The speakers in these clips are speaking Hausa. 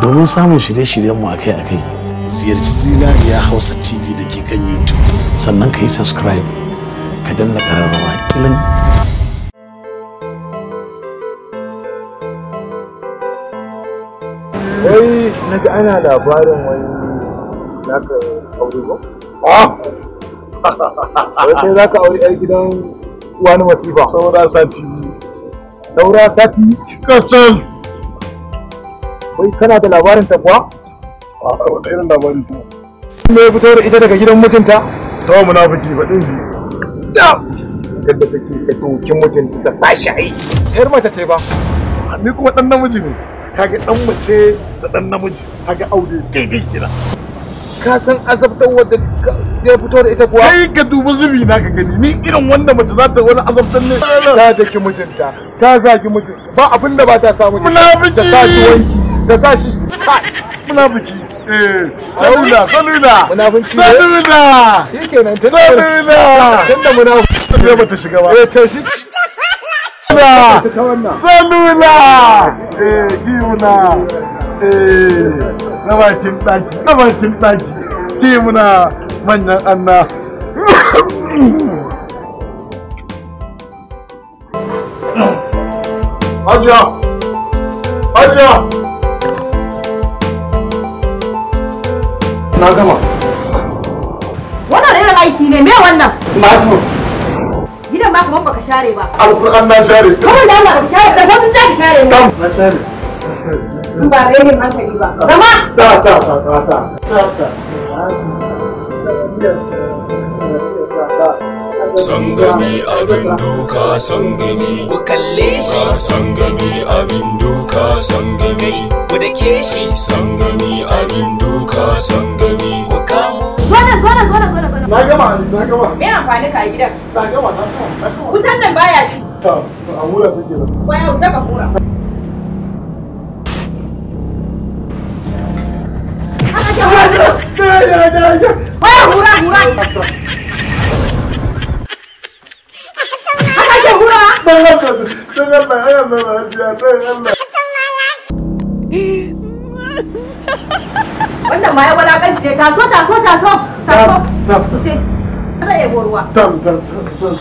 domin samun shirye-shiryenmu akai-akai ziyarci zinariya hausa tv da ke kan youtube sannan ka yi subscribe ka danna ƙararrawa kilin wai na ga ana labarin wani zaka aure ba? Ah! wai sai zaka aure yar gidan wani masifa saboda sati daura sati kacal wai kana da labarin ta kuwa a wani irin labarin ta me ya fito da ita daga gidan mutunta ta wa munafiki ba din da yadda take ka dokin mutunta ta sashi aiki yar mace ce ba ni kuma dan namiji ne kaga dan mace da dan namiji kaga aure daidai gida ka san azabtar wadda zai fito da ita kuwa kai ka dubi zubi na ka gani ni irin wanda mace za ta wani azabtar ne ta zaki mijinta ta zaki mijinta ba abinda ba ta samu ta sa ki wanki da tashi muna biki eh, tun da Tun da bata shiga ba. Eh to shi Eh giuna! Eh daki, daki. manyan anna. na gama wannan irin aiki ne me wannan mato gidan ba kuma baka share ba alquran na share kawai da Allah ka share da wasu ta share ne na share ba rene hankali ba zama ta ta ta ta ta ta ta sangami abin duka sangami ku kalle shi sangami abin duka sangami ku dake shi sangami abin duka sangami ku kamo zona zona zona zona na gama na gama me amfani ka gidan na gama na gama wutan nan baya ji a mura take ba baya wuta ka hura Ah, hura, hura! don haka don Allah ana da lafiya don Allah wannan ma ya walakanci ne taso taso taso taso zai yabo ruwa tam tam tam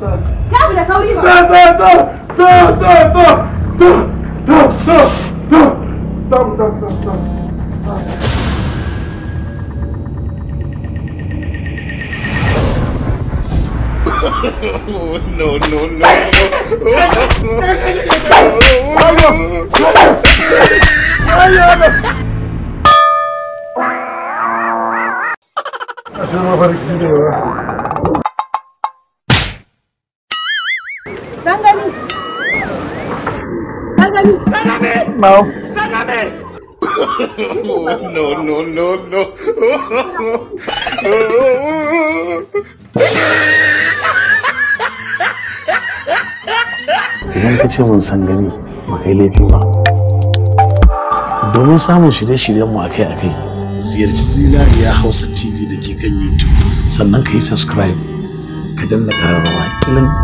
tam ta da sauri ba ta ta ta ta ta ta ta ta ta ta ta no, no, no. Acho uma barriquinha. Sangami! Sangami! Sangami! Não. Sangami! no, no, no, no. idan ka ce mun san gani ba kai laifi ba domin samun shirye-shiryen mu akai-akai ziyarci zinariya hausa tv da ke kan youtube sannan ka yi subscribe ka danna ƙararrawa kilin